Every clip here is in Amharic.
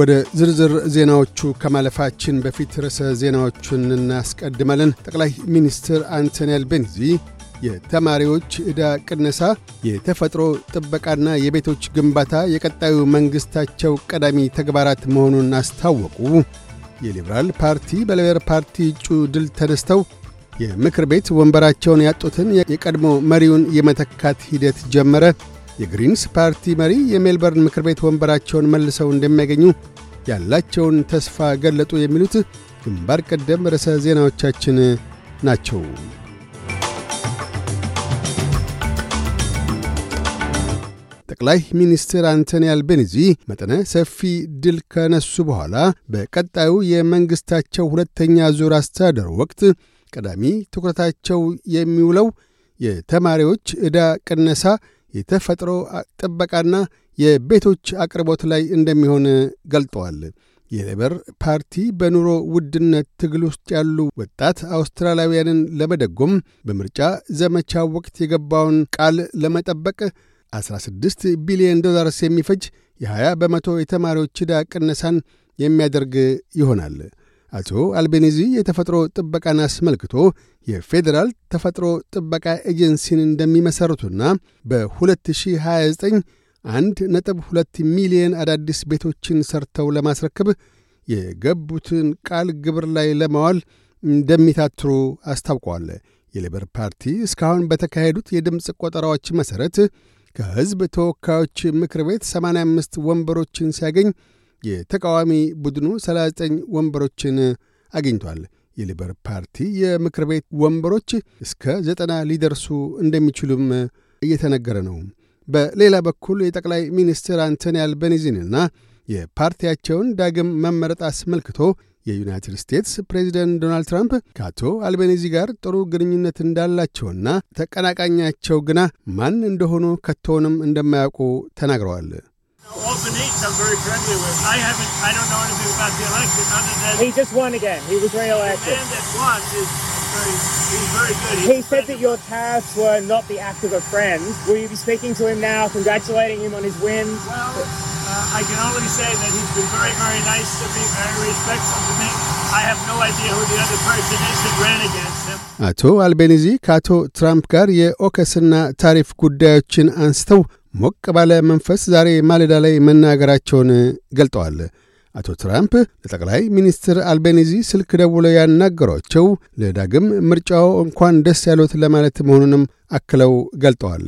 ወደ ዝርዝር ዜናዎቹ ከማለፋችን በፊት ርዕሰ ዜናዎቹን እናስቀድማለን። ጠቅላይ ሚኒስትር አንቶኒ አልቤኒዚ የተማሪዎች ዕዳ ቅነሳ፣ የተፈጥሮ ጥበቃና የቤቶች ግንባታ የቀጣዩ መንግሥታቸው ቀዳሚ ተግባራት መሆኑን አስታወቁ። የሊበራል ፓርቲ በሌበር ፓርቲ እጩ ድል ተነስተው የምክር ቤት ወንበራቸውን ያጡትን የቀድሞ መሪውን የመተካት ሂደት ጀመረ። የግሪንስ ፓርቲ መሪ የሜልበርን ምክር ቤት ወንበራቸውን መልሰው እንደሚያገኙ ያላቸውን ተስፋ ገለጡ። የሚሉት ግንባር ቀደም ርዕሰ ዜናዎቻችን ናቸው። ጠቅላይ ሚኒስትር አንቶኒ አልቤኒዚ መጠነ ሰፊ ድል ከነሱ በኋላ በቀጣዩ የመንግሥታቸው ሁለተኛ ዙር አስተዳደር ወቅት ቀዳሚ ትኩረታቸው የሚውለው የተማሪዎች ዕዳ ቅነሳ የተፈጥሮ ጥበቃና የቤቶች አቅርቦት ላይ እንደሚሆን ገልጠዋል። የሌበር ፓርቲ በኑሮ ውድነት ትግል ውስጥ ያሉ ወጣት አውስትራላውያንን ለመደጎም በምርጫ ዘመቻ ወቅት የገባውን ቃል ለመጠበቅ 16 ቢሊዮን ዶላርስ የሚፈጅ የ20 በመቶ የተማሪዎች ዕዳ ቅነሳን የሚያደርግ ይሆናል። አቶ አልቤኒዚ የተፈጥሮ ጥበቃን አስመልክቶ የፌዴራል ተፈጥሮ ጥበቃ ኤጀንሲን እንደሚመሠርቱና በ2029 አንድ ነጥብ ሁለት ሚሊየን አዳዲስ ቤቶችን ሰርተው ለማስረክብ የገቡትን ቃል ግብር ላይ ለማዋል እንደሚታትሩ አስታውቋል። የሌበር ፓርቲ እስካሁን በተካሄዱት የድምፅ ቆጠራዎች መሠረት ከሕዝብ ተወካዮች ምክር ቤት 85 ወንበሮችን ሲያገኝ የተቃዋሚ ቡድኑ 39 ወንበሮችን አግኝቷል። የሊበር ፓርቲ የምክር ቤት ወንበሮች እስከ ዘጠና ሊደርሱ እንደሚችሉም እየተነገረ ነው። በሌላ በኩል የጠቅላይ ሚኒስትር አንቶኒ አልበኒዚንና የፓርቲያቸውን ዳግም መመረጥ አስመልክቶ የዩናይትድ ስቴትስ ፕሬዚደንት ዶናልድ ትራምፕ ከአቶ አልቤኒዚ ጋር ጥሩ ግንኙነት እንዳላቸውና ተቀናቃኛቸው ግና ማን እንደሆኑ ከቶውንም እንደማያውቁ ተናግረዋል። Albanese, I'm very friendly with. I haven't, I don't know anything about the election other than he just won again. He was re-elected. The man that won is very, he's very good. He's he said that your tasks were not the act of a friend. Will you be speaking to him now, congratulating him on his win? Well, uh, I can only say that he's been very, very nice to me, very respectful to me. I have no idea who the other person is that ran against him. አቶ አልቤኒዚ ከአቶ ትራምፕ ጋር የኦከስና ታሪፍ ጉዳዮችን አንስተው ሞቅ ባለ መንፈስ ዛሬ ማለዳ ላይ መናገራቸውን ገልጠዋል። አቶ ትራምፕ ለጠቅላይ ሚኒስትር አልቤኒዚ ስልክ ደውለው ያናገሯቸው ለዳግም ምርጫው እንኳን ደስ ያሉት ለማለት መሆኑንም አክለው ገልጠዋል።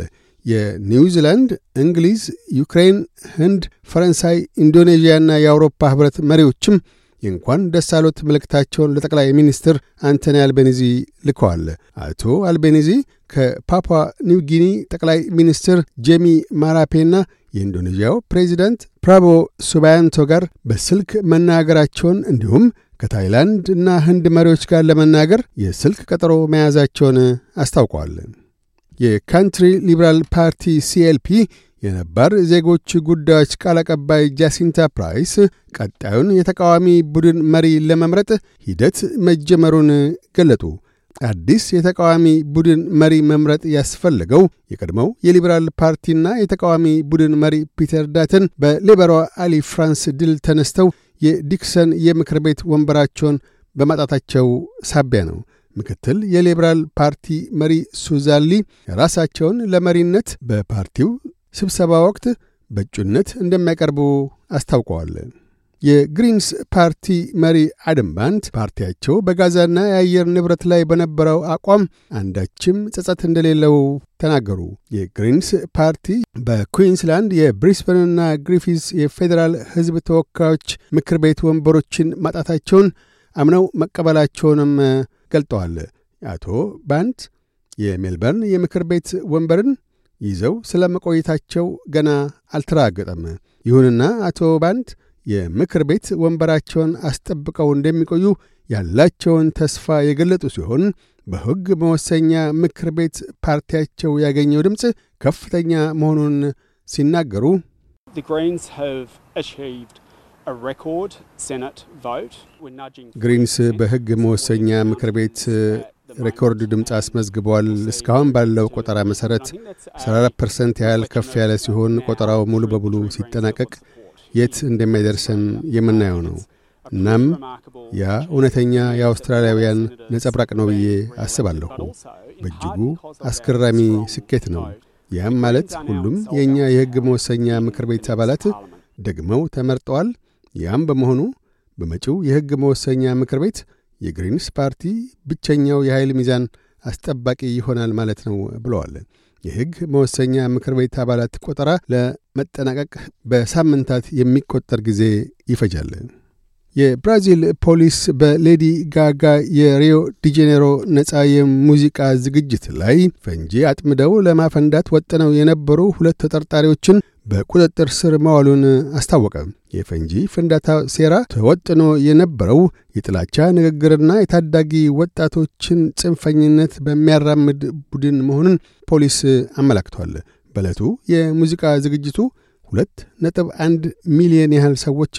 የኒውዚላንድ፣ እንግሊዝ፣ ዩክሬን፣ ህንድ፣ ፈረንሳይ፣ ኢንዶኔዥያና የአውሮፓ ህብረት መሪዎችም የእንኳን ደስ አሎት መልእክታቸውን ለጠቅላይ ሚኒስትር አንቶኒ አልቤኒዚ ልከዋል። አቶ አልቤኒዚ ከፓፓ ኒው ጊኒ ጠቅላይ ሚኒስትር ጄሚ ማራፔና የኢንዶኔዥያው ፕሬዚዳንት ፕራቦ ሱባያንቶ ጋር በስልክ መናገራቸውን እንዲሁም ከታይላንድ እና ህንድ መሪዎች ጋር ለመናገር የስልክ ቀጠሮ መያዛቸውን አስታውቋል። የካንትሪ ሊበራል ፓርቲ ሲኤልፒ የነባር ዜጎች ጉዳዮች ቃል አቀባይ ጃሲንታ ፕራይስ ቀጣዩን የተቃዋሚ ቡድን መሪ ለመምረጥ ሂደት መጀመሩን ገለጡ። አዲስ የተቃዋሚ ቡድን መሪ መምረጥ ያስፈለገው የቀድሞው የሊበራል ፓርቲና የተቃዋሚ ቡድን መሪ ፒተር ዳተን በሌበሯ አሊ ፍራንስ ድል ተነስተው የዲክሰን የምክር ቤት ወንበራቸውን በማጣታቸው ሳቢያ ነው። ምክትል የሊበራል ፓርቲ መሪ ሱዛሊ ራሳቸውን ለመሪነት በፓርቲው ስብሰባ ወቅት በእጩነት እንደሚያቀርቡ አስታውቀዋል። የግሪንስ ፓርቲ መሪ አደም ባንት ፓርቲያቸው በጋዛና የአየር ንብረት ላይ በነበረው አቋም አንዳችም ጸጸት እንደሌለው ተናገሩ። የግሪንስ ፓርቲ በኩዊንስላንድ የብሪስበንና ግሪፊስ የፌዴራል ሕዝብ ተወካዮች ምክር ቤት ወንበሮችን ማጣታቸውን አምነው መቀበላቸውንም ገልጠዋል። አቶ ባንት የሜልበርን የምክር ቤት ወንበርን ይዘው ስለ መቆየታቸው ገና አልተረጋገጠም። ይሁንና አቶ ባንድ የምክር ቤት ወንበራቸውን አስጠብቀው እንደሚቆዩ ያላቸውን ተስፋ የገለጡ ሲሆን በሕግ መወሰኛ ምክር ቤት ፓርቲያቸው ያገኘው ድምፅ ከፍተኛ መሆኑን ሲናገሩ ግሪንስ በሕግ መወሰኛ ምክር ቤት ሬኮርድ ድምፅ አስመዝግበዋል። እስካሁን ባለው ቆጠራ መሠረት 14 ፐርሰንት ያህል ከፍ ያለ ሲሆን ቆጠራው ሙሉ በሙሉ ሲጠናቀቅ የት እንደሚያደርሰን የምናየው ነው። እናም ያ እውነተኛ የአውስትራሊያውያን ነጸብራቅ ነው ብዬ አስባለሁ። በእጅጉ አስገራሚ ስኬት ነው። ያም ማለት ሁሉም የእኛ የሕግ መወሰኛ ምክር ቤት አባላት ደግመው ተመርጠዋል። ያም በመሆኑ በመጪው የሕግ መወሰኛ ምክር ቤት የግሪንስ ፓርቲ ብቸኛው የኃይል ሚዛን አስጠባቂ ይሆናል ማለት ነው ብለዋል። የሕግ መወሰኛ ምክር ቤት አባላት ቆጠራ ለመጠናቀቅ በሳምንታት የሚቆጠር ጊዜ ይፈጃል። የብራዚል ፖሊስ በሌዲ ጋጋ የሪዮ ዲጄኔሮ ነፃ የሙዚቃ ዝግጅት ላይ ፈንጂ አጥምደው ለማፈንዳት ወጥነው የነበሩ ሁለት ተጠርጣሪዎችን በቁጥጥር ስር መዋሉን አስታወቀ። የፈንጂ ፍንዳታ ሴራ ተወጥኖ የነበረው የጥላቻ ንግግርና የታዳጊ ወጣቶችን ጽንፈኝነት በሚያራምድ ቡድን መሆኑን ፖሊስ አመላክቷል። በዕለቱ የሙዚቃ ዝግጅቱ ሁለት ነጥብ አንድ ሚሊየን ያህል ሰዎች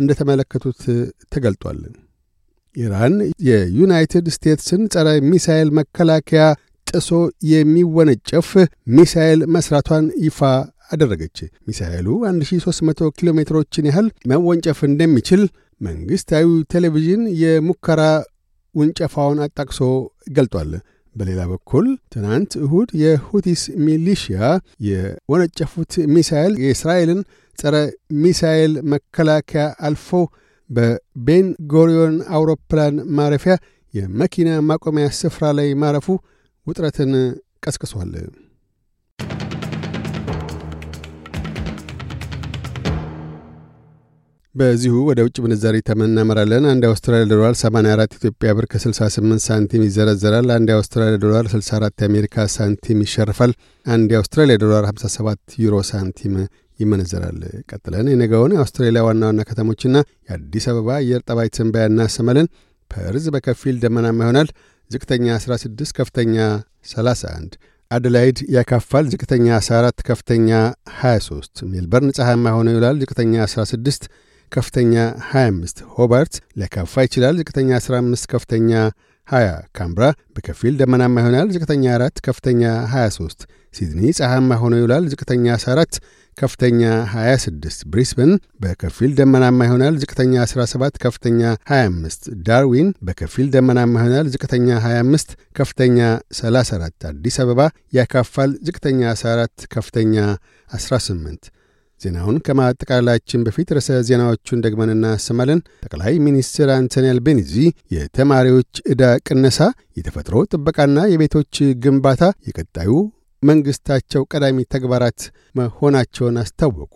እንደተመለከቱት ተገልጧል። ኢራን የዩናይትድ ስቴትስን ጸረ ሚሳኤል መከላከያ ጥሶ የሚወነጨፍ ሚሳኤል መስራቷን ይፋ አደረገች። ሚሳኤሉ 1300 ኪሎ ሜትሮችን ያህል መወንጨፍ እንደሚችል መንግሥታዊ ቴሌቪዥን የሙከራ ውንጨፋውን አጣቅሶ ገልጧል። በሌላ በኩል ትናንት እሁድ የሁቲስ ሚሊሽያ የወነጨፉት ሚሳኤል የእስራኤልን ጸረ ሚሳኤል መከላከያ አልፎ በቤን ጎሪዮን አውሮፕላን ማረፊያ የመኪና ማቆሚያ ስፍራ ላይ ማረፉ ውጥረትን ቀስቅሷል። በዚሁ ወደ ውጭ ምንዛሪ ተመናመራለን። አንድ የአውስትራሊያ ዶላር 84 ኢትዮጵያ ብር ከ68 ሳንቲም ይዘረዘራል። አንድ የአውስትራሊያ ዶላር 64 የአሜሪካ ሳንቲም ይሸርፋል። አንድ የአውስትራሊያ ዶላር 57 ዩሮ ሳንቲም ይመነዘራል። ቀጥለን የነገውን የአውስትራሊያ ዋና ዋና ከተሞችና የአዲስ አበባ አየር ጠባይ ትንበያ እናሰማለን። ፐርዝ በከፊል ደመናማ ይሆናል። ዝቅተኛ 16፣ ከፍተኛ 31 አደላይድ ያካፋል። ዝቅተኛ 14 ከፍተኛ 23። ሜልበርን ፀሐያማ ሆኖ ይውላል። ዝቅተኛ 16 ከፍተኛ 25፣ ሆበርት ሊያካፋ ይችላል። ዝቅተኛ 15፣ ከፍተኛ 20። ካምብራ በከፊል ደመናማ ይሆናል። ዝቅተኛ 4፣ ከፍተኛ 23። ሲድኒ ፀሐማ ሆኖ ይውላል። ዝቅተኛ 14፣ ከፍተኛ 26። ብሪስበን በከፊል ደመናማ ይሆናል። ዝቅተኛ 17፣ ከፍተኛ 25። ዳርዊን በከፊል ደመናማ ይሆናል። ዝቅተኛ 25፣ ከፍተኛ 34። አዲስ አበባ ያካፋል። ዝቅተኛ 14፣ ከፍተኛ 18 ዜናውን ከማጠቃላችን በፊት ርዕሰ ዜናዎቹን ደግመን እናሰማለን። ጠቅላይ ሚኒስትር አንቶኒ አልቤኒዚ የተማሪዎች ዕዳ ቅነሳ፣ የተፈጥሮ ጥበቃና የቤቶች ግንባታ የቀጣዩ መንግሥታቸው ቀዳሚ ተግባራት መሆናቸውን አስታወቁ።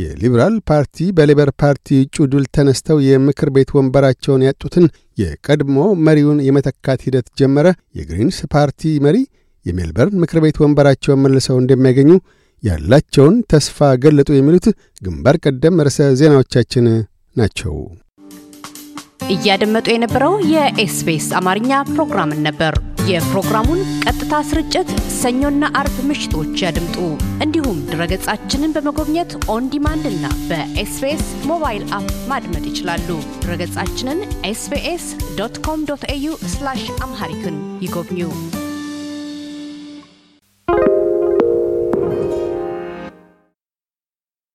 የሊበራል ፓርቲ በሌበር ፓርቲ እጩ ድል ተነስተው የምክር ቤት ወንበራቸውን ያጡትን የቀድሞ መሪውን የመተካት ሂደት ጀመረ። የግሪንስ ፓርቲ መሪ የሜልበርን ምክር ቤት ወንበራቸውን መልሰው እንደሚያገኙ ያላቸውን ተስፋ ገለጡ የሚሉት ግንባር ቀደም ርዕሰ ዜናዎቻችን ናቸው። እያደመጡ የነበረው የኤስቢኤስ አማርኛ ፕሮግራምን ነበር። የፕሮግራሙን ቀጥታ ስርጭት ሰኞና አርብ ምሽቶች ያድምጡ። እንዲሁም ድረገጻችንን በመጎብኘት ኦን እና በኤስቢኤስ ሞባይል አፕ ማድመጥ ይችላሉ። ድረገጻችንን ኤስቢኤስ ዶት ኮም ዶት ኤዩ አምሃሪክን ይጎብኙ።